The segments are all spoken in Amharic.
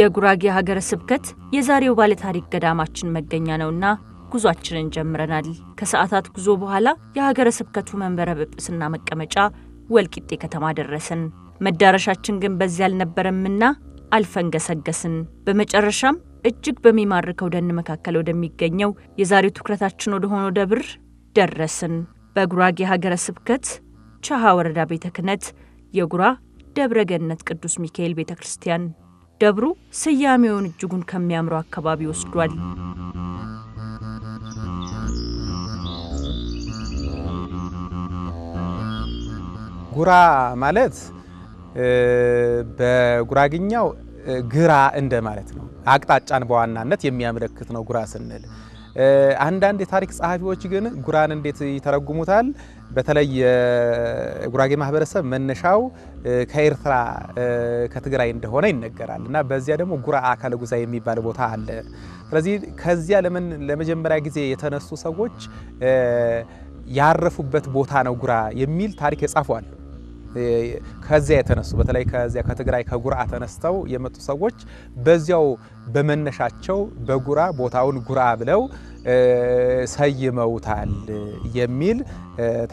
የጉራጌ ሀገረ ስብከት የዛሬው ባለታሪክ ገዳማችን መገኛ ነውና ጉዟችንን ጀምረናል። ከሰዓታት ጉዞ በኋላ የሀገረ ስብከቱ መንበረ ጵጵስና መቀመጫ ወልቂጤ ከተማ ደረስን። መዳረሻችን ግን በዚያ አልነበረምና አልፈንገሰገስን በመጨረሻም እጅግ በሚማርከው ደን መካከል ወደሚገኘው የዛሬው ትኩረታችን ወደ ሆነው ደብር ደረስን። በጉራጌ ሀገረ ስብከት ቻሃ ወረዳ ቤተ ክህነት የጉራ ደብረ ገነት ቅዱስ ሚካኤል ቤተ ክርስቲያን ደብሩ ስያሜውን እጅጉን ከሚያምረው አካባቢ ወስዷል። ጉራ ማለት በጉራግኛው ግራ እንደ ማለት ነው። አቅጣጫን በዋናነት የሚያመለክት ነው ጉራ ስንል አንዳንድ የታሪክ ጸሐፊዎች ግን ጉራን እንዴት ይተረጉሙታል? በተለይ የጉራጌ ማህበረሰብ መነሻው ከኤርትራ ከትግራይ እንደሆነ ይነገራል እና በዚያ ደግሞ ጉራ አካለ ጉዛ የሚባል ቦታ አለ። ስለዚህ ከዚያ ለምን ለመጀመሪያ ጊዜ የተነሱ ሰዎች ያረፉበት ቦታ ነው ጉራ የሚል ታሪክ የጻፉ አሉ። ከዚያ የተነሱ በተለይ ከዚያ ከትግራይ ከጉራ ተነስተው የመጡ ሰዎች በዚያው በመነሻቸው በጉራ ቦታውን ጉራ ብለው ሰይመውታል የሚል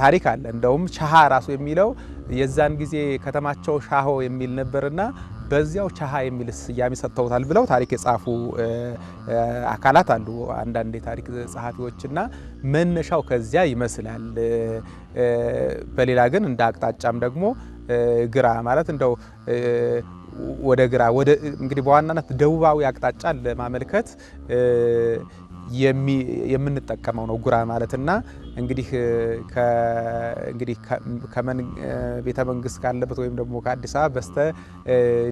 ታሪክ አለ። እንደውም ሻሃ ራሱ የሚለው የዛን ጊዜ ከተማቸው ሻሆ የሚል ነበርና በዚያው ቻሃ የሚል ስያሜ ሰጥተውታል ብለው ታሪክ የጻፉ አካላት አሉ፣ አንዳንድ የታሪክ ጸሐፊዎችና መነሻው ከዚያ ይመስላል። በሌላ ግን እንደ አቅጣጫም ደግሞ ግራ ማለት እንደው ወደ ግራ ወደ እንግዲህ በዋናነት ደቡባዊ አቅጣጫ ለማመልከት የምንጠቀመው ነው ጉራ ማለት እና እንግዲህ እንግዲህ ቤተ መንግስት ካለበት ወይም ደግሞ ከአዲስ አበባ በስተ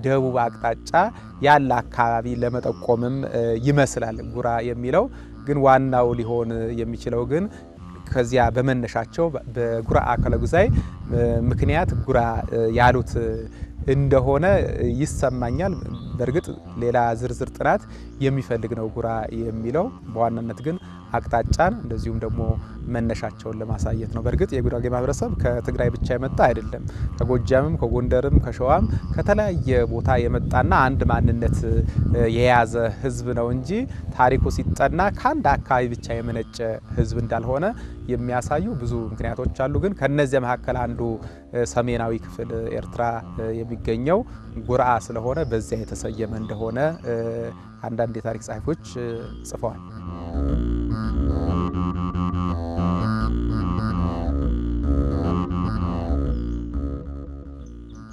ደቡብ አቅጣጫ ያለ አካባቢ ለመጠቆምም ይመስላል ጉራ የሚለው ግን ዋናው ሊሆን የሚችለው ግን ከዚያ በመነሻቸው በጉራ አካለ ጉዛይ ምክንያት ጉራ ያሉት እንደሆነ ይሰማኛል። በእርግጥ ሌላ ዝርዝር ጥናት የሚፈልግ ነው ጉራ የሚለው በዋናነት ግን አቅጣጫን እንደዚሁም ደግሞ መነሻቸውን ለማሳየት ነው። በእርግጥ የጉራጌ ማህበረሰብ ከትግራይ ብቻ የመጣ አይደለም። ከጎጃምም፣ ከጎንደርም፣ ከሸዋም ከተለያየ ቦታ የመጣና አንድ ማንነት የያዘ ህዝብ ነው እንጂ ታሪኩ ሲጠና ከአንድ አካባቢ ብቻ የመነጨ ህዝብ እንዳልሆነ የሚያሳዩ ብዙ ምክንያቶች አሉ። ግን ከነዚያ መካከል አንዱ ሰሜናዊ ክፍል ኤርትራ የሚገኘው ጉርአ ስለሆነ በዚያ የተሰየመ እንደሆነ አንዳንድ የታሪክ ጸሐፊዎች ጽፈዋል።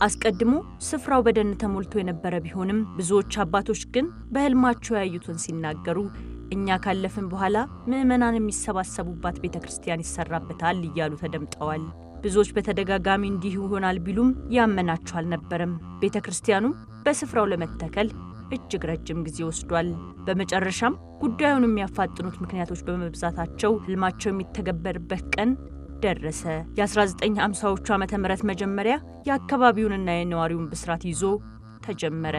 አስቀድሞ ስፍራው በደን ተሞልቶ የነበረ ቢሆንም ብዙዎች አባቶች ግን በህልማቸው ያዩትን ሲናገሩ እኛ ካለፍን በኋላ ምዕመናን የሚሰባሰቡባት ቤተ ክርስቲያን ይሰራበታል እያሉ ተደምጠዋል። ብዙዎች በተደጋጋሚ እንዲህ ይሆናል ቢሉም ያመናቸው አልነበረም። ቤተ ክርስቲያኑ በስፍራው ለመተከል እጅግ ረጅም ጊዜ ወስዷል። በመጨረሻም ጉዳዩን የሚያፋጥኑት ምክንያቶች በመብዛታቸው ህልማቸው የሚተገበርበት ቀን ደረሰ። የ1950ዎቹ ዓመተ ምህረት መጀመሪያ የአካባቢውንና የነዋሪውን ብስራት ይዞ ተጀመረ።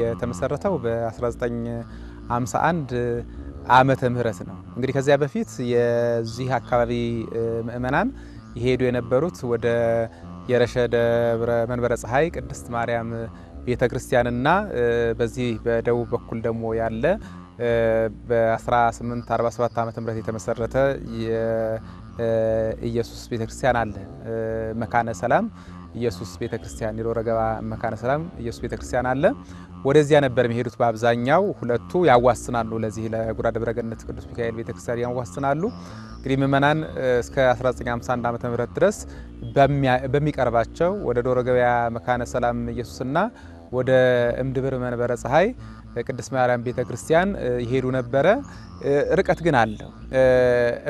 የተመሰረተው በ1951 ዓመተ ምህረት ነው። እንግዲህ ከዚያ በፊት የዚህ አካባቢ ምእመናን ይሄዱ የነበሩት ወደ የረሸ ደብረ መንበረ ፀሐይ ቅድስት ማርያም ቤተ ክርስቲያንና በዚህ በደቡብ በኩል ደግሞ ያለ በ1847 ዓመተ ምህረት የተመሰረተ የኢየሱስ ቤተክርስቲያን አለ። መካነ ሰላም ኢየሱስ ቤተክርስቲያን ሊሮ ረገባ መካነ ሰላም ኢየሱስ ቤተክርስቲያን አለ። ወደዚያ ነበር የሚሄዱት በአብዛኛው። ሁለቱ ያዋስናሉ፣ ለዚህ ለጉራ ደብረ ቅዱስ ሚካኤል ቤተክርስቲያን ያዋስናሉ። እንግዲህ ምእመናን እስከ 1951 ዓመተ ምህረት ድረስ በሚቀርባቸው ወደ ዶሮ ገበያ መካነ ሰላም ኢየሱስና ወደ እምድብር መንበረ ፀሐይ ቅድስት ማርያም ቤተ ክርስቲያን ይሄዱ ነበረ። ርቀት ግን አለው።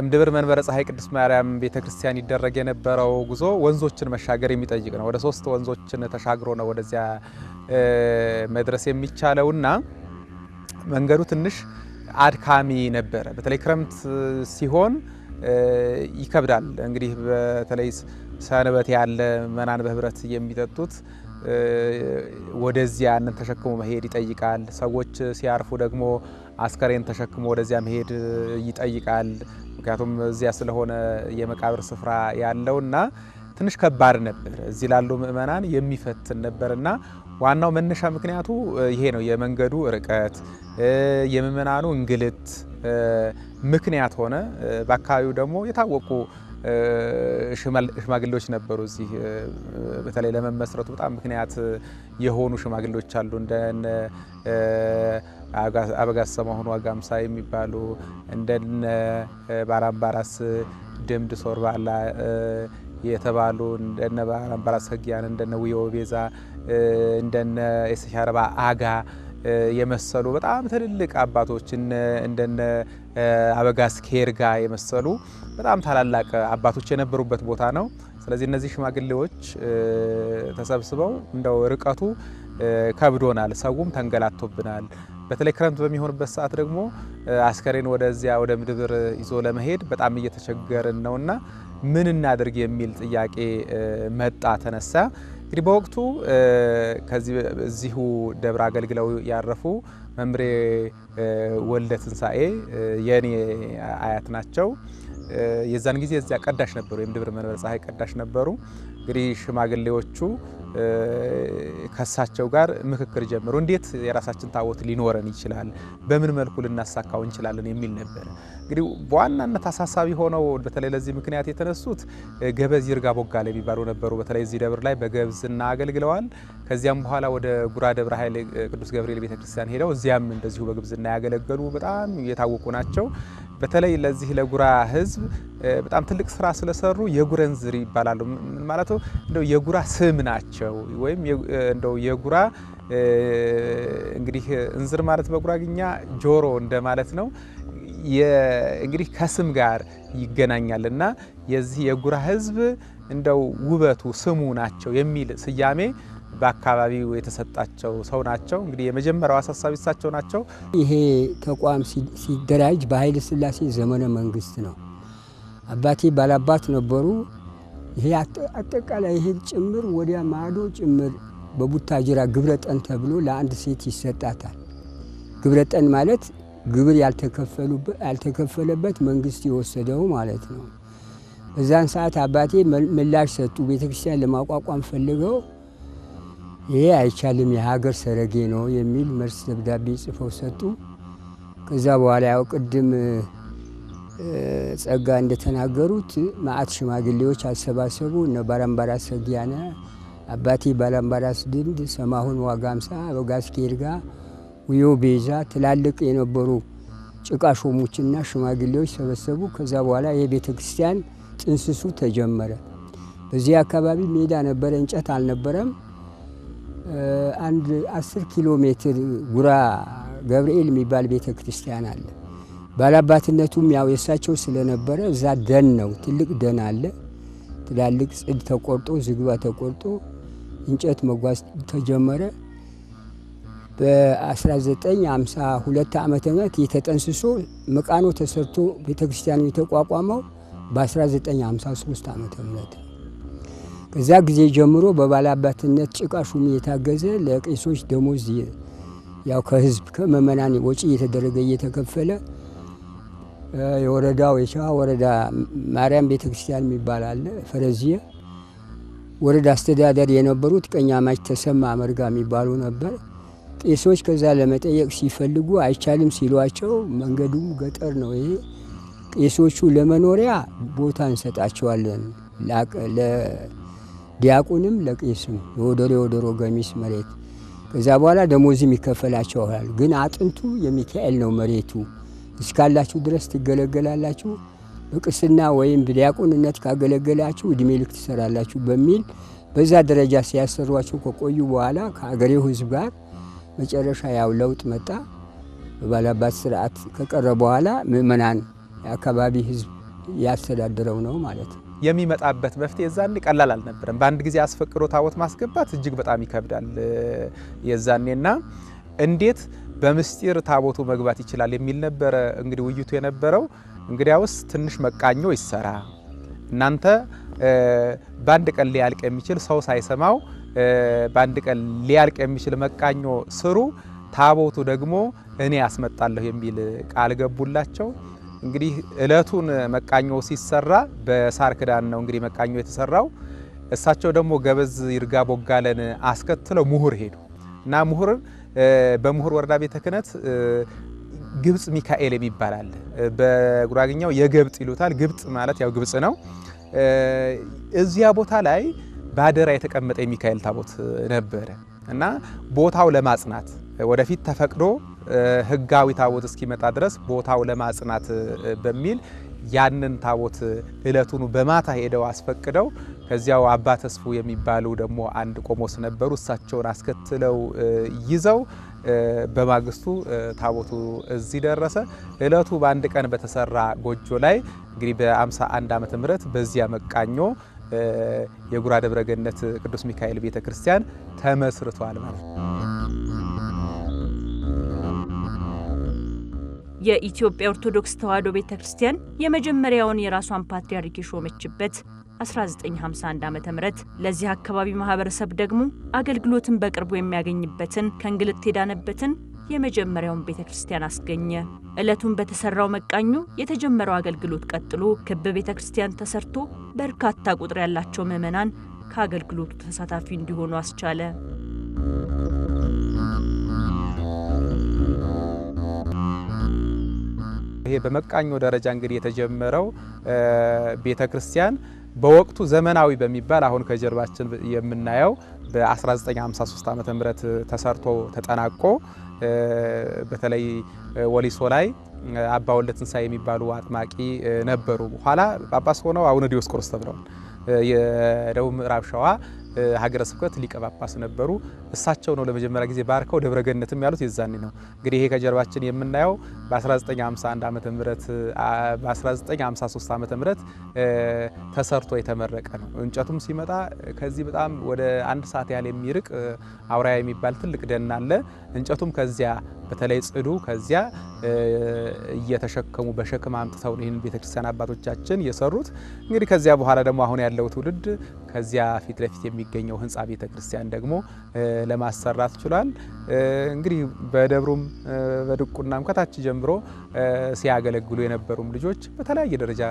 እምድብር መንበረ ፀሐይ ቅድስት ማርያም ቤተ ክርስቲያን ይደረግ የነበረው ጉዞ ወንዞችን መሻገር የሚጠይቅ ነው። ወደ ሶስት ወንዞችን ተሻግሮ ነው ወደዚያ መድረስ የሚቻለውና መንገዱ ትንሽ አድካሚ ነበረ። በተለይ ክረምት ሲሆን ይከብዳል። እንግዲህ በተለይ ሰንበት ያለ መናን በህብረት የሚጠጡት ወደዚያ ያንን ተሸክሞ መሄድ ይጠይቃል። ሰዎች ሲያርፉ ደግሞ አስከሬን ተሸክሞ ወደዚያ መሄድ ይጠይቃል። ምክንያቱም እዚያ ስለሆነ የመቃብር ስፍራ ያለውና ትንሽ ከባድ ነበር። እዚህ ላሉ ምእመናን የሚፈትን ነበርና ዋናው መነሻ ምክንያቱ ይሄ ነው። የመንገዱ ርቀት፣ የምእመናኑ እንግልት ምክንያት ሆነ። በአካባቢው ደግሞ የታወቁ ሽማግሌዎች ነበሩ። እዚህ በተለይ ለመመስረቱ በጣም ምክንያት የሆኑ ሽማግሌዎች አሉ። እንደነ አበጋሰ መሆኑ አጋምሳ የሚባሉ እንደነ ባራምባራስ ድምድ ሶርባላ የተባሉ እንደነ ባራምባራስ ህግያን እንደነ ውዮ ቤዛ እንደነ የሰሻረባ አጋ የመሰሉ በጣም ትልልቅ አባቶች እንደነ አበጋዝ ኬርጋ የመሰሉ በጣም ታላላቅ አባቶች የነበሩበት ቦታ ነው። ስለዚህ እነዚህ ሽማግሌዎች ተሰብስበው እንደው ርቀቱ ከብዶናል፣ ሰውም ተንገላቶብናል። በተለይ ክረምት በሚሆንበት ሰዓት ደግሞ አስከሬን ወደዚያ ወደ ምድብር ይዞ ለመሄድ በጣም እየተቸገርን ነውና ምን እናድርግ የሚል ጥያቄ መጣ ተነሳ። እንግዲህ በወቅቱ ከዚህ እዚሁ ደብረ አገልግለው ያረፉ መምሬ ወልደ ትንሳኤ የኔ አያት ናቸው። የዛን ጊዜ እዚያ ቀዳሽ ነበሩ፣ ወይም ደብረ መንበረ ፀሐይ ቀዳሽ ነበሩ። እንግዲህ ሽማግሌዎቹ ከሳቸው ጋር ምክክር ጀምሩ እንዴት የራሳችን ታቦት ሊኖረን ይችላል? በምን መልኩ ልናሳካው እንችላለን? የሚል ነበር። እንግዲህ በዋናነት አሳሳቢ ሆነው በተለይ ለዚህ ምክንያት የተነሱት ገበዝ ይርጋ ቦጋለ የሚባሉ ነበሩ። በተለይ እዚህ ደብር ላይ በገብዝና አገልግለዋል። ከዚያም በኋላ ወደ ጉራ ደብረ ኃይል ቅዱስ ገብርኤል ቤተክርስቲያን ሄደው እዚያም እንደዚሁ በግብዝና ያገለገሉ በጣም የታወቁ ናቸው። በተለይ ለዚህ ለጉራ ህዝብ በጣም ትልቅ ስራ ስለሰሩ የጉረን ዝሪ ይባላሉ። ማለት እንደው የጉራ ስም ናቸው ወይም እንደው የጉራ እንግዲህ እንዝር ማለት በጉራግኛ ጆሮ እንደማለት ነው። እንግዲህ ከስም ጋር ይገናኛል እና የዚህ የጉራ ህዝብ እንደው ውበቱ ስሙ ናቸው የሚል ስያሜ በአካባቢው የተሰጣቸው ሰው ናቸው። እንግዲህ የመጀመሪያው አሳሳቢ እሳቸው ናቸው። ይሄ ተቋም ሲደራጅ በኃይለ ሥላሴ ዘመነ መንግስት ነው። አባቴ ባላባት ነበሩ። ይሄ አጠቃላይ ይህን ጭምር ወዲያ ማዶ ጭምር በቡታጅራ ግብረ ጠን ተብሎ ለአንድ ሴት ይሰጣታል። ግብረ ጠን ማለት ግብር ያልተከፈለበት መንግስት የወሰደው ማለት ነው። በዛን ሰዓት አባቴ ምላሽ ሰጡ። ቤተክርስቲያን ለማቋቋም ፈልገው ይሄ አይቻልም የሀገር ሰረጌ ነው የሚል መልስ ደብዳቤ ጽፈው ሰጡ። ከዛ በኋላ ያው ቅድም ጸጋ እንደተናገሩት ማአት ሽማግሌዎች አሰባሰቡ። እነ ባላምባራስ ሰጊያነ አባቴ ባላምባራስ ድንድ፣ ሰማሁን ዋጋምሳ፣ አበጋስኬድጋ፣ ውዮ ቤዛ ትላልቅ የነበሩ ጭቃ ሾሞችና ሽማግሌዎች ሰበሰቡ። ከዛ በኋላ የቤተ ክርስቲያን ጥንስሱ ተጀመረ። በዚህ አካባቢ ሜዳ ነበረ፣ እንጨት አልነበረም። አንድ አስር ኪሎ ሜትር ጉራ ገብርኤል የሚባል ቤተ ክርስቲያን አለ። ባላባትነቱም ያው የእሳቸው ስለነበረ እዛ ደን ነው፣ ትልቅ ደን አለ። ትላልቅ ጽድ ተቆርጦ ዝግባ ተቆርጦ እንጨት መጓዝ ተጀመረ። በ1952 ዓ ም የተጠንስሶ መቃኖ ተሰርቶ ቤተክርስቲያኑ የተቋቋመው በ1953 ዓ ም ከዛ ጊዜ ጀምሮ በባላባትነት ጭቃ ሹም እየታገዘ ለቄሶች ደሞዝ ያው ከህዝብ ከመመናን ወጪ እየተደረገ እየተከፈለ የወረዳው የሸዋ ወረዳ ማርያም ቤተክርስቲያን የሚባል አለ ወረዳ አስተዳደር የነበሩት ቀኛማች ተሰማ መርጋ የሚባሉ ነበር። ቄሶች ከዛ ለመጠየቅ ሲፈልጉ አይቻልም ሲሏቸው፣ መንገዱ ገጠር ነው ይሄ ቄሶቹ ለመኖሪያ ቦታ እንሰጣቸዋለን ዲያቆንም ለቂሱ ነው። የወደሮ የወደሮ ገሚስ መሬት ከዛ በኋላ ደሞዝም ይከፈላቸዋል። ግን አጥንቱ የሚካኤል ነው። መሬቱ እስካላችሁ ድረስ ትገለገላላችሁ። በቅስና ወይም በዲያቆንነት ካገለገላችሁ እድሜ ልክ ትሰራላችሁ በሚል በዛ ደረጃ ሲያሰሯቸው ከቆዩ በኋላ ከአገሬው ሕዝብ ጋር መጨረሻ ያው ለውጥ መጣ። በባላባት ስርዓት ከቀረ በኋላ ምእመናን የአካባቢ ሕዝብ ያስተዳድረው ነው ማለት ነው። የሚመጣበት መፍትሄ የዛኔ ቀላል አልነበረም። በአንድ ጊዜ አስፈቅዶ ታቦት ማስገባት እጅግ በጣም ይከብዳል የዛኔና እንዴት በምስጢር ታቦቱ መግባት ይችላል የሚል ነበረ እንግዲህ ውይይቱ የነበረው። እንግዲያውስ ትንሽ መቃኞ ይሰራ እናንተ በአንድ ቀን ሊያልቅ የሚችል ሰው ሳይሰማው በአንድ ቀን ሊያልቅ የሚችል መቃኞ ስሩ፣ ታቦቱ ደግሞ እኔ ያስመጣለሁ የሚል ቃል ገቡላቸው። እንግዲህ እለቱን መቃኞ ሲሰራ በሳር ክዳን ነው እንግዲህ መቃኞ የተሰራው። እሳቸው ደግሞ ገበዝ ይርጋ ቦጋለን አስከትለው ምሁር ሄዱ እና ምሁር በምሁር ወረዳ ቤተ ክህነት ግብፅ ሚካኤል የሚባል አለ። በጉራግኛው የገብጥ ይሉታል። ግብጥ ማለት ያው ግብፅ ነው። እዚያ ቦታ ላይ ባደራ የተቀመጠ የሚካኤል ታቦት ነበረ እና ቦታው ለማጽናት ወደፊት ተፈቅዶ ህጋዊ ታቦት እስኪመጣ ድረስ ቦታው ለማጽናት በሚል ያንን ታቦት እለቱኑ በማታ ሄደው አስፈቅደው ከዚያው አባ ተስፉ የሚባሉ ደግሞ አንድ ቆሞስ ነበሩ። እሳቸውን አስከትለው ይዘው በማግስቱ ታቦቱ እዚህ ደረሰ። እለቱ በአንድ ቀን በተሰራ ጎጆ ላይ እንግዲህ በአምሳ አንድ ዓመተ ምህረት በዚያ መቃኞ የጉራ ደብረ ገነት ቅዱስ ሚካኤል ቤተ ክርስቲያን ተመስርቷል ማለት ነው። የኢትዮጵያ ኦርቶዶክስ ተዋሕዶ ቤተ ክርስቲያን የመጀመሪያውን የራሷን ፓትርያርክ የሾመችበት 1951 ዓ ም ለዚህ አካባቢ ማህበረሰብ ደግሞ አገልግሎትን በቅርቡ የሚያገኝበትን ከእንግልት የዳነበትን የመጀመሪያውን ቤተ ክርስቲያን አስገኘ። ዕለቱን በተሠራው መቃኙ የተጀመረው አገልግሎት ቀጥሎ ክብ ቤተ ክርስቲያን ተሰርቶ በርካታ ቁጥር ያላቸው ምዕመናን ከአገልግሎቱ ተሳታፊ እንዲሆኑ አስቻለ። ይሄ በመቃኞ ደረጃ እንግዲህ የተጀመረው ቤተ ክርስቲያን በወቅቱ ዘመናዊ በሚባል አሁን ከጀርባችን የምናየው በ1953 ዓ ም ተሰርቶ ተጠናቆ በተለይ ወሊሶ ላይ አባ ወልደ ትንሳኤ የሚባሉ አጥማቂ ነበሩ። ኋላ ጳጳስ ሆነው አቡነ ዲዮስቆሮስ ተብለዋል። የደቡብ ምዕራብ ሸዋ ሀገረ ስብከት ሊቀ ጳጳስ ነበሩ። እሳቸው ነው ለመጀመሪያ ጊዜ ባርከው ደብረ ገነትም ያሉት የዛኔ ነው። እንግዲህ ይሄ ከጀርባችን የምናየው በ1951 ዓ ም በ1953 ዓ ም ተሰርቶ የተመረቀ ነው። እንጨቱም ሲመጣ ከዚህ በጣም ወደ አንድ ሰዓት ያህል የሚርቅ አውራያ የሚባል ትልቅ ደን አለ። እንጨቱም ከዚያ በተለይ ጽዱ ከዚያ እየተሸከሙ በሸክም አምጥተው ይህን ቤተክርስቲያን አባቶቻችን የሰሩት። እንግዲህ ከዚያ በኋላ ደግሞ አሁን ያለው ትውልድ ከዚያ ፊት ለፊት የሚገኘው ህንፃ ቤተክርስቲያን ደግሞ ለማሰራት ችሏል። እንግዲህ በደብሩም በድቁናም ከታች ጀምሮ ጀምሮ ሲያገለግሉ የነበሩም ልጆች በተለያየ ደረጃ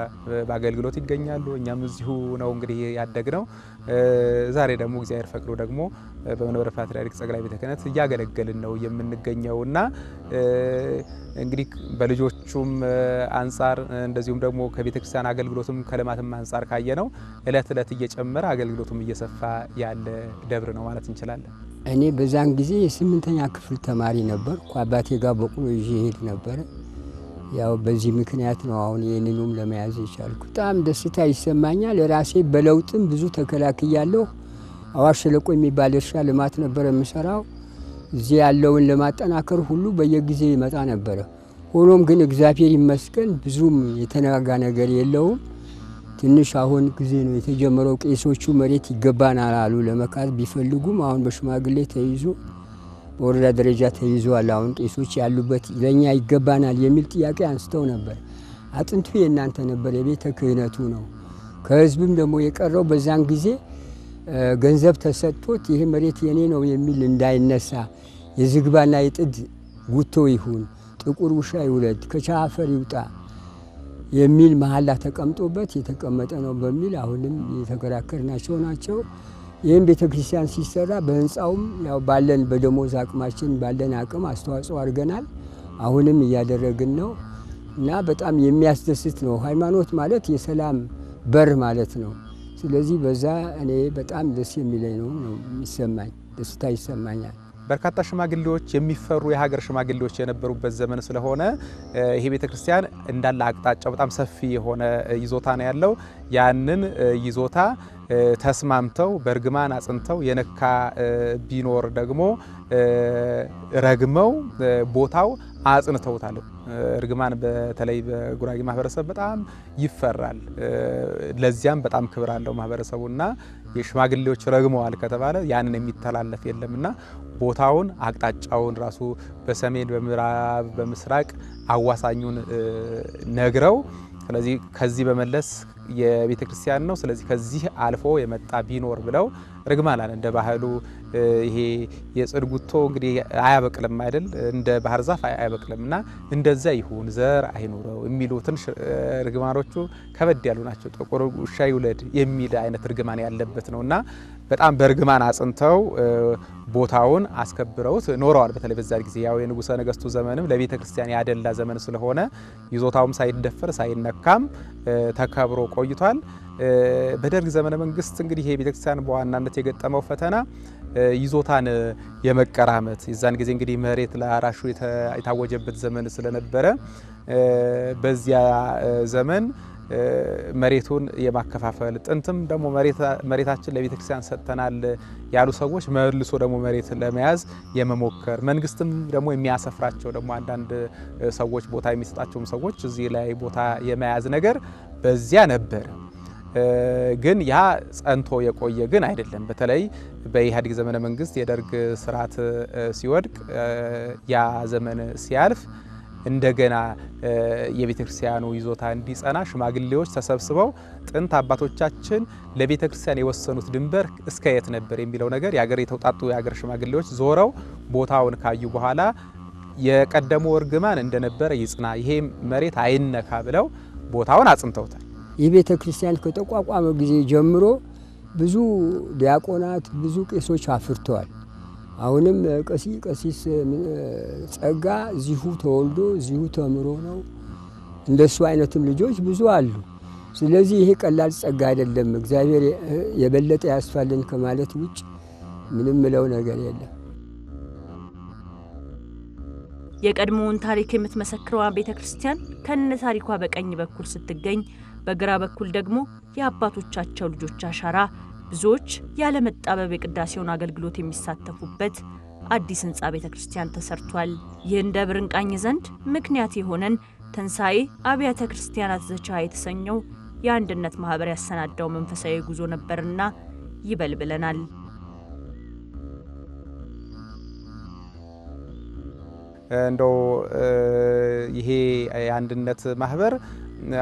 በአገልግሎት ይገኛሉ። እኛም እዚሁ ነው እንግዲህ ያደግነው። ዛሬ ደግሞ እግዚአብሔር ፈቅዶ ደግሞ በመንበረ ፓትርያርክ ጸቅላይ ቤተ ክህነት እያገለገልን ነው የምንገኘው እና እንግዲህ በልጆቹም አንጻር እንደዚሁም ደግሞ ከቤተ ክርስቲያን አገልግሎትም ከልማትም አንጻር ካየ ነው እለት እለት እየጨመረ አገልግሎቱም እየሰፋ ያለ ደብር ነው ማለት እንችላለን። እኔ በዛን ጊዜ የስምንተኛ ክፍል ተማሪ ነበር አባቴ ጋር በቁሎ ይዤ ሄድ ነበረ። ያው በዚህ ምክንያት ነው አሁን ይህንኑም ለመያዝ የቻልኩ። በጣም ደስታ ይሰማኛል። ራሴ በለውጥም ብዙ ተከላክያለሁ። አዋሽ ሸለቆ የሚባል እርሻ ልማት ነበረ የምሰራው። እዚህ ያለውን ለማጠናከር ሁሉ በየጊዜ ይመጣ ነበረ። ሆኖም ግን እግዚአብሔር ይመስገን ብዙም የተነጋጋ ነገር የለውም። ትንሽ አሁን ጊዜ ነው የተጀመረው። ቄሶቹ መሬት ይገባናል አሉ ለመካት ቢፈልጉም አሁን በሽማግሌ ተይዞ በወረዳ ደረጃ ተይዘዋል አሁን ቄሶች ያሉበት ለእኛ ይገባናል የሚል ጥያቄ አንስተው ነበር። አጥንቱ የእናንተ ነበር፣ የቤተ ክህነቱ ነው። ከህዝብም ደግሞ የቀረው በዛን ጊዜ ገንዘብ ተሰጥቶት ይህ መሬት የኔ ነው የሚል እንዳይነሳ የዝግባና የጥድ ጉቶ ይሁን፣ ጥቁር ውሻ ይውለድ፣ ከቻፈር ይውጣ የሚል መሀላ ተቀምጦበት የተቀመጠ ነው በሚል አሁንም የተከራከርናቸው ናቸው። ይህም ቤተ ክርስቲያን ሲሰራ በህንፃውም ያው ባለን በደሞዝ አቅማችን ባለን አቅም አስተዋጽኦ አድርገናል። አሁንም እያደረግን ነው እና በጣም የሚያስደስት ነው። ሃይማኖት ማለት የሰላም በር ማለት ነው። ስለዚህ በዛ እኔ በጣም ደስ የሚለኝ ነው ነው የሚሰማኝ ደስታ ይሰማኛል። በርካታ ሽማግሌዎች የሚፈሩ የሀገር ሽማግሌዎች የነበሩበት ዘመን ስለሆነ ይሄ ቤተ ክርስቲያን እንዳለ አቅጣጫው በጣም ሰፊ የሆነ ይዞታ ነው ያለው። ያንን ይዞታ ተስማምተው በእርግማን አጽንተው የነካ ቢኖር ደግሞ ረግመው ቦታው አጽንተውታል። እርግማን በተለይ በጉራጌ ማህበረሰብ በጣም ይፈራል። ለዚያም በጣም ክብር አለው ማህበረሰቡና የሽማግሌዎች ረግመዋል ከተባለ ያንን የሚተላለፍ የለምና ቦታውን አቅጣጫውን ራሱ በሰሜን በምዕራብ በምስራቅ አዋሳኙን ነግረው ስለዚህ ከዚህ በመለስ የቤተ ክርስቲያን ነው ስለዚህ ከዚህ አልፎ የመጣ ቢኖር ብለው ርግማን አለ እንደ ባህሉ ይሄ የጽድ ጉቶ እንግዲህ አያበቅልም አይደል? እንደ ባህር ዛፍ አያበቅልም እና እንደዛ ይሁን ዘር አይኑረው ትንሽ ርግማኖቹ ከበድ ያሉ ናቸው። ጥቁር ውሻ ይውለድ የሚል አይነት እርግማን ያለበት ነው እና በጣም በእርግማን አጽንተው ቦታውን አስከብረውት ኖረዋል። በተለይ በዛ ጊዜ ያው የንጉሰ ነገስቱ ዘመንም ለቤተ ክርስቲያን ያደላ ዘመን ስለሆነ ይዞታውም ሳይደፈር ሳይነካም ተከብሮ ቆይቷል። በደርግ ዘመነ መንግስት እንግዲህ ይሄ ቤተክርስቲያን በዋናነት የገጠመው ፈተና ይዞታን የመቀራመት የዛን ጊዜ እንግዲህ መሬት ለአራሹ የታወጀበት ዘመን ስለነበረ በዚያ ዘመን መሬቱን የማከፋፈል ጥንትም ደግሞ መሬታችን ለቤተክርስቲያን ሰጥተናል ያሉ ሰዎች መልሶ ደግሞ መሬት ለመያዝ የመሞከር መንግስትም ደግሞ የሚያሰፍራቸው ደግሞ አንዳንድ ሰዎች ቦታ የሚሰጣቸውም ሰዎች እዚህ ላይ ቦታ የመያዝ ነገር በዚያ ነበር። ግን ያ ጸንቶ የቆየ ግን አይደለም። በተለይ በኢህአዴግ ዘመነ መንግስት የደርግ ስርዓት ሲወድቅ ያ ዘመን ሲያልፍ እንደገና የቤተ ክርስቲያኑ ይዞታ እንዲጸና ሽማግሌዎች ተሰብስበው ጥንት አባቶቻችን ለቤተ ክርስቲያን የወሰኑት ድንበር እስከ የት ነበር የሚለው ነገር የአገር የተውጣጡ የአገር ሽማግሌዎች ዞረው ቦታውን ካዩ በኋላ የቀደሙ እርግማን እንደነበረ ይጽና፣ ይሄ መሬት አይነካ ብለው ቦታውን አጽንተውታል። የቤተ ክርስቲያን ከተቋቋመ ጊዜ ጀምሮ ብዙ ዲያቆናት፣ ብዙ ቄሶች አፍርተዋል። አሁንም ቀሲ ቀሲስ ጸጋ እዚሁ ተወልዶ እዚሁ ተምሮ ነው። እንደሱ አይነትም ልጆች ብዙ አሉ። ስለዚህ ይሄ ቀላል ጸጋ አይደለም። እግዚአብሔር የበለጠ ያስፋልን ከማለት ውጭ ምንም ምለው ነገር የለም። የቀድሞውን ታሪክ የምትመሰክረዋ ቤተ ክርስቲያን ከነ ታሪኳ በቀኝ በኩል ስትገኝ በግራ በኩል ደግሞ የአባቶቻቸው ልጆች አሻራ ብዙዎች ያለመጣበብ የቅዳሴውን አገልግሎት የሚሳተፉበት አዲስ ህንፃ ቤተ ክርስቲያን ተሰርቷል። ይህን ደብር እንቃኝ ዘንድ ምክንያት የሆነን ተንሳኤ አብያተ ክርስቲያናት ዘቻ የተሰኘው የአንድነት ማኅበር ያሰናዳው መንፈሳዊ ጉዞ ነበርና ይበል ብለናል። እንደው ይሄ የአንድነት ማኅበር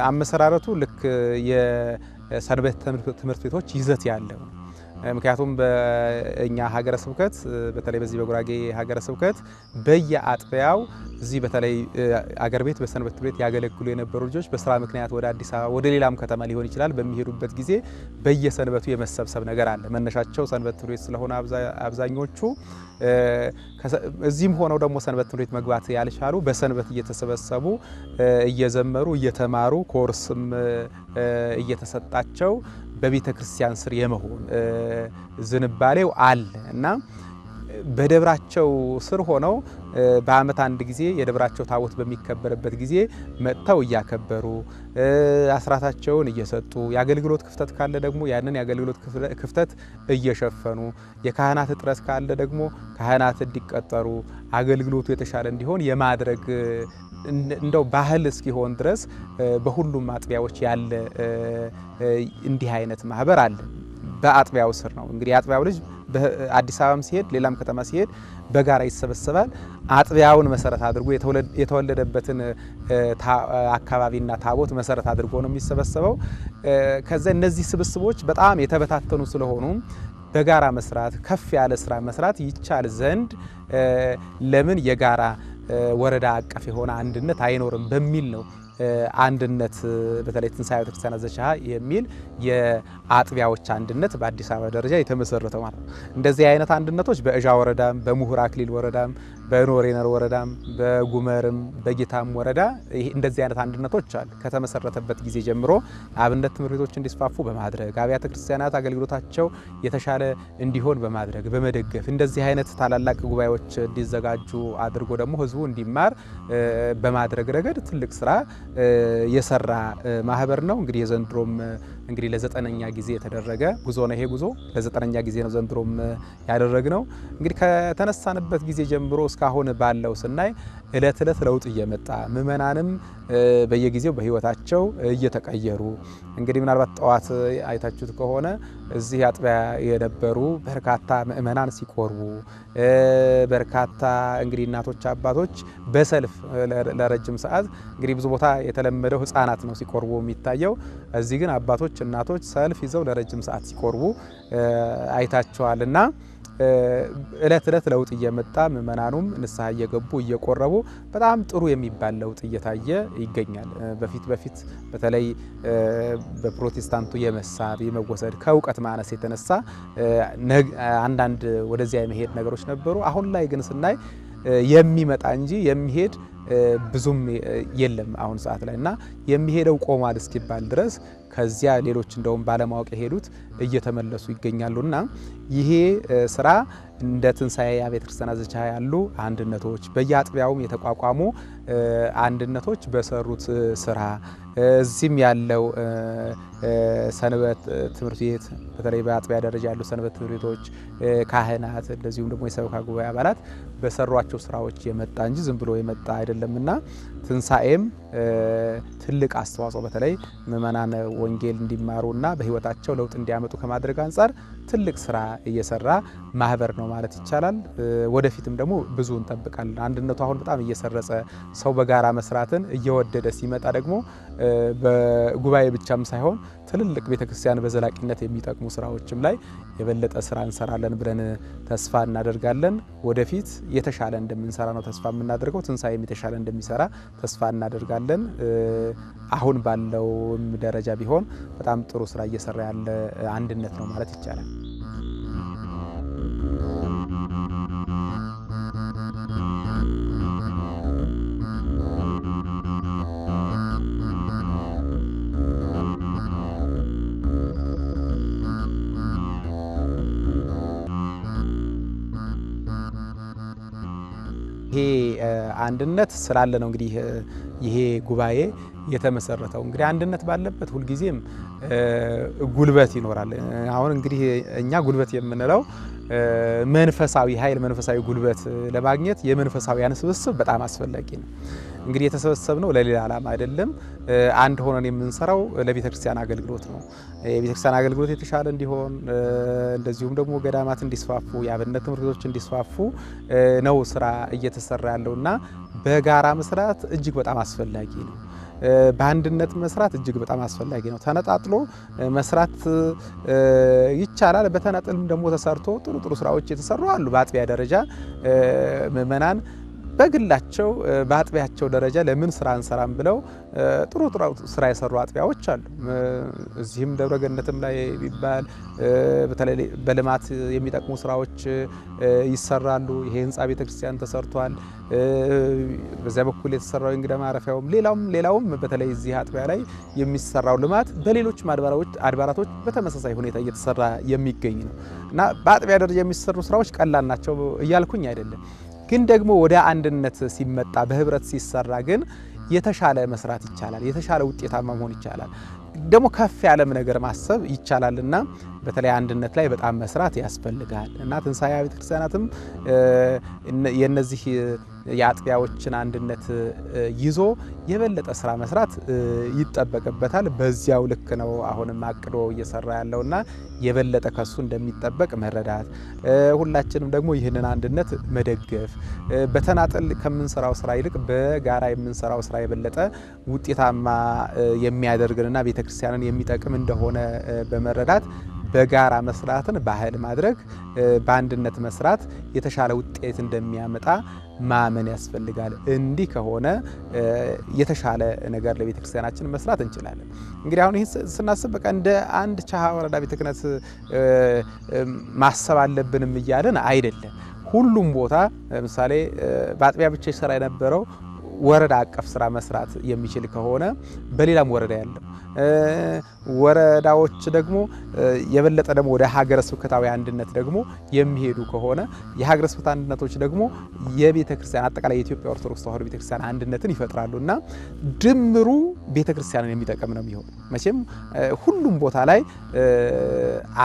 አመሰራረቱ ልክ የሰንበት ትምህርት ቤቶች ይዘት ያለው ምክንያቱም በእኛ ሀገረ ስብከት በተለይ በዚህ በጉራጌ ሀገረ ስብከት በየአጥቢያው እዚህ በተለይ አገር ቤት በሰንበት ቤት ያገለግሉ የነበሩ ልጆች በስራ ምክንያት ወደ አዲስ አበባ ወደ ሌላም ከተማ ሊሆን ይችላል በሚሄዱበት ጊዜ በየሰንበቱ የመሰብሰብ ነገር አለ። መነሻቸው ሰንበት ቤት ስለሆነ አብዛኞቹ እዚህም ሆነው ደግሞ ሰንበት ቤት መግባት ያልቻሉ በሰንበት እየተሰበሰቡ እየዘመሩ እየተማሩ ኮርስም እየተሰጣቸው በቤተ ክርስቲያን ስር የመሆን ዝንባሌው አለ እና በደብራቸው ስር ሆነው በዓመት አንድ ጊዜ የደብራቸው ታቦት በሚከበርበት ጊዜ መጥተው እያከበሩ አስራታቸውን እየሰጡ የአገልግሎት ክፍተት ካለ ደግሞ ያንን የአገልግሎት ክፍተት እየሸፈኑ የካህናት እጥረት ካለ ደግሞ ካህናት እንዲቀጠሩ አገልግሎቱ የተሻለ እንዲሆን የማድረግ እንደው ባህል እስኪሆን ድረስ በሁሉም አጥቢያዎች ያለ እንዲህ አይነት ማህበር አለ። በአጥቢያው ስር ነው እንግዲህ የአጥቢያው ልጅ አዲስ አበባም ሲሄድ ሌላም ከተማ ሲሄድ በጋራ ይሰበሰባል። አጥቢያውን መሰረት አድርጎ የተወለደበትን አካባቢና ታቦት መሰረት አድርጎ ነው የሚሰበሰበው። ከዚ እነዚህ ስብስቦች በጣም የተበታተኑ ስለሆኑ በጋራ መስራት ከፍ ያለ ስራ መስራት ይቻል ዘንድ ለምን የጋራ ወረዳ አቀፍ የሆነ አንድነት አይኖርም በሚል ነው አንድነት በተለይ ትንሳኤ ቤተክርስቲያን ዘሸሃ የሚል የአጥቢያዎች አንድነት በአዲስ አበባ ደረጃ የተመሰረተ ማለት ነው። እንደዚህ አይነት አንድነቶች በእዣ ወረዳም፣ በምሁር አክሊል ወረዳም፣ በኖሬነር ወረዳም በጉመርም በጌታም ወረዳ እንደዚህ አይነት አንድነቶች አሉ። ከተመሰረተበት ጊዜ ጀምሮ አብነት ትምህርት ቤቶች እንዲስፋፉ በማድረግ አብያተ ክርስቲያናት አገልግሎታቸው የተሻለ እንዲሆን በማድረግ በመደገፍ እንደዚህ አይነት ታላላቅ ጉባኤዎች እንዲዘጋጁ አድርጎ ደግሞ ህዝቡ እንዲማር በማድረግ ረገድ ትልቅ ስራ የሰራ ማህበር ነው። እንግዲህ የዘንድሮም እንግዲህ ለዘጠነኛ ጊዜ የተደረገ ጉዞ ነው። ይሄ ጉዞ ለዘጠነኛ ጊዜ ነው ዘንድሮም ያደረግነው። እንግዲህ ከተነሳንበት ጊዜ ጀምሮ እስካሁን ባለው ስናይ እለት እለት ለውጥ እየመጣ ምእመናንም በየጊዜው በህይወታቸው እየተቀየሩ እንግዲህ ምናልባት ጠዋት አይታችሁት ከሆነ እዚህ አጥቢያ የነበሩ በርካታ ምእመናን ሲቆርቡ በርካታ እንግዲህ እናቶች አባቶች በሰልፍ ለረጅም ሰዓት እንግዲህ ብዙ ቦታ የተለመደው ህፃናት ነው ሲቆርቡ የሚታየው። እዚህ ግን አባቶች እናቶች ሰልፍ ይዘው ለረጅም ሰዓት ሲቆርቡ እና። እለት እለት ለውጥ እየመጣ ምእመናኑም ንስሐ እየገቡ እየቆረቡ በጣም ጥሩ የሚባል ለውጥ እየታየ ይገኛል። በፊት በፊት በተለይ በፕሮቴስታንቱ የመሳብ የመወሰድ ከእውቀት ማነስ የተነሳ አንዳንድ ወደዚያ የመሄድ ነገሮች ነበሩ። አሁን ላይ ግን ስናይ የሚመጣ እንጂ የሚሄድ ብዙም የለም አሁን ሰዓት ላይ እና የሚሄደው ቆሟል እስኪባል ድረስ ከዚያ ሌሎች እንደውም ባለማወቅ የሄዱት እየተመለሱ ይገኛሉ እና ይሄ ስራ እንደ ትንሣኤ አብያተ ክርስቲያን ዘቻ ያሉ አንድነቶች በየአጥቢያውም የተቋቋሙ አንድነቶች በሰሩት ስራ እዚህም ያለው ሰንበት ትምህርት ቤት በተለይ በአጥቢያ ደረጃ ያሉ ሰንበት ትምህርት ቤቶች፣ ካህናት እንደዚሁም ደግሞ የሰበካ ጉባኤ አባላት በሰሯቸው ስራዎች የመጣ እንጂ ዝም ብሎ የመጣ አይደለም። አይደለምና ትንሣኤም ትልቅ አስተዋጽኦ በተለይ ምእመናን ወንጌል እንዲማሩና በህይወታቸው ለውጥ እንዲያመጡ ከማድረግ አንጻር ትልቅ ስራ እየሰራ ማህበር ነው ማለት ይቻላል። ወደፊትም ደግሞ ብዙ እንጠብቃለን። አንድነቱ አሁን በጣም እየሰረጸ ሰው በጋራ መስራትን እየወደደ ሲመጣ ደግሞ በጉባኤ ብቻም ሳይሆን ትልልቅ ቤተክርስቲያን በዘላቂነት የሚጠቅሙ ስራዎችም ላይ የበለጠ ስራ እንሰራለን ብለን ተስፋ እናደርጋለን። ወደፊት የተሻለ እንደምንሰራ ነው ተስፋ የምናደርገው። ትንሳኤም የተሻለ እንደሚሰራ ተስፋ እናደርጋለን። አሁን ባለውም ደረጃ ቢሆን በጣም ጥሩ ስራ እየሰራ ያለ አንድነት ነው ማለት ይቻላል። ይሄ አንድነት ስላለ ነው እንግዲህ ይሄ ጉባኤ የተመሰረተው እንግዲህ አንድነት ባለበት ሁልጊዜም ጉልበት ይኖራል። አሁን እንግዲህ እኛ ጉልበት የምንለው መንፈሳዊ ኃይል መንፈሳዊ ጉልበት ለማግኘት የመንፈሳዊያን ስብስብ በጣም አስፈላጊ ነው። እንግዲህ ነው ለሌላ ዓላማ አይደለም። አንድ ሆነን የምንሰራው ለቤተ ክርስቲያን አገልግሎት ነው። የቤተ ክርስቲያን አገልግሎት የተሻለ እንዲሆን እንደዚሁም ደግሞ ገዳማት እንዲስፋፉ፣ የአብነት ትምህርት ቤቶች እንዲስፋፉ ነው ስራ እየተሰራ ያለውና በጋራ መስራት እጅግ በጣም አስፈላጊ ነው። በአንድነት መስራት እጅግ በጣም አስፈላጊ ነው። ተነጣጥሎ መስራት ይቻላል። በተናጥልም ደግሞ ተሰርቶ ጥሩ ጥሩ ስራዎች የተሰሩ አሉ። በአጥቢያ ደረጃ ምእመናን በግላቸው በአጥቢያቸው ደረጃ ለምን ስራ አንሰራም ብለው ጥሩ ጥሩ ስራ የሰሩ አጥቢያዎች አሉ። እዚህም ደብረገነትም ላይ ቢባል በተለይ በልማት የሚጠቅሙ ስራዎች ይሰራሉ። ይሄ ህንፃ ቤተክርስቲያን ተሰርቷል። በዚያ በኩል የተሰራው እንግዳ ማረፊያውም ሌላውም ሌላውም በተለይ እዚህ አጥቢያ ላይ የሚሰራው ልማት በሌሎች አድባራቶች በተመሳሳይ ሁኔታ እየተሰራ የሚገኝ ነው እና በአጥቢያ ደረጃ የሚሰሩ ስራዎች ቀላል ናቸው እያልኩኝ አይደለም። ግን ደግሞ ወደ አንድነት ሲመጣ በህብረት ሲሰራ ግን የተሻለ መስራት ይቻላል። የተሻለ ውጤታማ መሆን ይቻላል። ደግሞ ከፍ ያለም ነገር ማሰብ ይቻላል እና በተለይ አንድነት ላይ በጣም መስራት ያስፈልጋል እና ትንሣኤ ቤተክርስቲያናትም የነዚህ የአጥቢያዎችን አንድነት ይዞ የበለጠ ስራ መስራት ይጠበቅበታል። በዚያው ልክ ነው አሁንም አቅዶ እየሰራ ያለውና የበለጠ ከሱ እንደሚጠበቅ መረዳት፣ ሁላችንም ደግሞ ይህንን አንድነት መደገፍ፣ በተናጠል ከምንሰራው ስራ ይልቅ በጋራ የምንሰራው ስራ የበለጠ ውጤታማ የሚያደርግንና ቤተክርስቲያንን የሚጠቅም እንደሆነ በመረዳት በጋራ መስራትን ባህል ማድረግ፣ በአንድነት መስራት የተሻለ ውጤት እንደሚያመጣ ማመን ያስፈልጋል። እንዲህ ከሆነ የተሻለ ነገር ለቤተ ክርስቲያናችን መስራት እንችላለን። እንግዲህ አሁን ይህ ስናስብ በቃ እንደ አንድ ቻሃ ወረዳ ቤተ ክህነት ማሰብ አለብንም እያለን አይደለም። ሁሉም ቦታ ለምሳሌ በአጥቢያ ብቻ ይሰራ የነበረው ወረዳ አቀፍ ስራ መስራት የሚችል ከሆነ በሌላም ወረዳ ያለው ወረዳዎች ደግሞ የበለጠ ደግሞ ወደ ሀገረ ስብከታዊ አንድነት ደግሞ የሚሄዱ ከሆነ የሀገረ ስብከት አንድነቶች ደግሞ የቤተ ክርስቲያን አጠቃላይ የኢትዮጵያ ኦርቶዶክስ ተዋሕዶ ቤተ ክርስቲያን አንድነትን ይፈጥራሉ እና ድምሩ ቤተ ክርስቲያንን የሚጠቅም ነው የሚሆን። መቼም ሁሉም ቦታ ላይ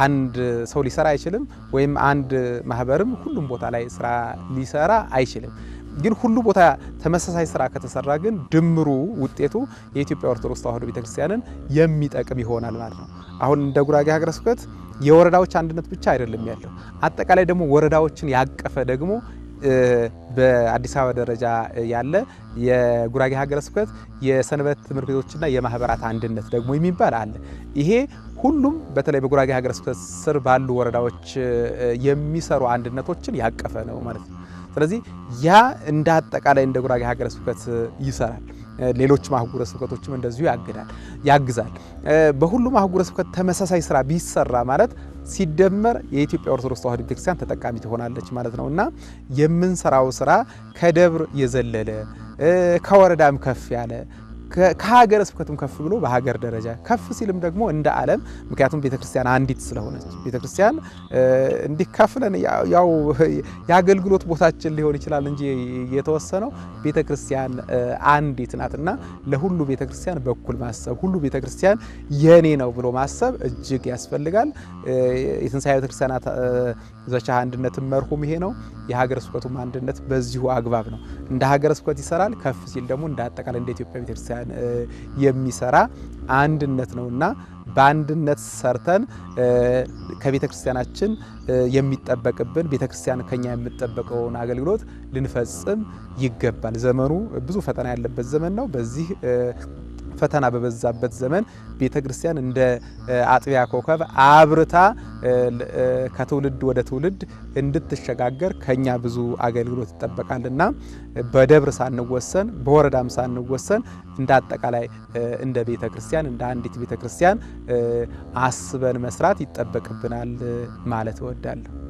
አንድ ሰው ሊሰራ አይችልም፣ ወይም አንድ ማህበርም ሁሉም ቦታ ላይ ስራ ሊሰራ አይችልም። ግን ሁሉ ቦታ ተመሳሳይ ስራ ከተሰራ ግን ድምሩ ውጤቱ የኢትዮጵያ ኦርቶዶክስ ተዋህዶ ቤተክርስቲያንን የሚጠቅም ይሆናል ማለት ነው። አሁን እንደ ጉራጌ ሀገረ ስብከት የወረዳዎች አንድነት ብቻ አይደለም ያለው፣ አጠቃላይ ደግሞ ወረዳዎችን ያቀፈ ደግሞ በአዲስ አበባ ደረጃ ያለ የጉራጌ ሀገረ ስብከት የሰንበት ትምህርት ቤቶችና የማህበራት አንድነት ደግሞ የሚባል አለ። ይሄ ሁሉም በተለይ በጉራጌ ሀገረ ስብከት ስር ባሉ ወረዳዎች የሚሰሩ አንድነቶችን ያቀፈ ነው ማለት ነው። ስለዚህ ያ እንደ አጠቃላይ እንደ ጉራጌ ሀገረ ስብከት ይሰራል። ሌሎችም አህጉረ ስብከቶችም እንደዚሁ ያግዳል ያግዛል። በሁሉም አህጉረ ስብከት ተመሳሳይ ስራ ቢሰራ ማለት ሲደመር የኢትዮጵያ ኦርቶዶክስ ተዋሕዶ ቤተክርስቲያን ተጠቃሚ ትሆናለች ማለት ነው እና የምንሰራው ስራ ከደብር የዘለለ ከወረዳም ከፍ ያለ ከሀገረ ስብከቱም ከፍ ብሎ በሀገር ደረጃ ከፍ ሲልም ደግሞ እንደ ዓለም ምክንያቱም ቤተክርስቲያን አንዲት ስለሆነች ቤተክርስቲያን እንዲከፍለን ያው የአገልግሎት ቦታችን ሊሆን ይችላል እንጂ የተወሰነው ቤተክርስቲያን አንዲት ናት እና ለሁሉ ቤተክርስቲያን በኩል ማሰብ ሁሉ ቤተክርስቲያን የኔ ነው ብሎ ማሰብ እጅግ ያስፈልጋል። የትንሣኤ ቤተክርስቲያናት ዘቻ አንድነትን መርሁም ይሄ ነው። የሀገረ ስብከቱም አንድነት በዚሁ አግባብ ነው። እንደ ሀገረ ስብከት ይሰራል። ከፍ ሲል ደግሞ እንደ አጠቃላይ እንደ ኢትዮጵያ ቤተክርስቲያን የሚሰራ አንድነት ነውና በአንድነት ሰርተን ከቤተ ክርስቲያናችን የሚጠበቅብን ቤተ ክርስቲያን ከኛ የምጠበቀውን አገልግሎት ልንፈጽም ይገባል። ዘመኑ ብዙ ፈተና ያለበት ዘመን ነው። በዚህ ፈተና በበዛበት ዘመን ቤተ ክርስቲያን እንደ አጥቢያ ኮከብ አብርታ ከትውልድ ወደ ትውልድ እንድትሸጋገር ከኛ ብዙ አገልግሎት ይጠበቃልና በደብር ሳንወሰን በወረዳም ሳንወሰን እንደ አጠቃላይ እንደ ቤተ ክርስቲያን እንደ አንዲት ቤተ ክርስቲያን አስበን መስራት ይጠበቅብናል ማለት እወዳለሁ።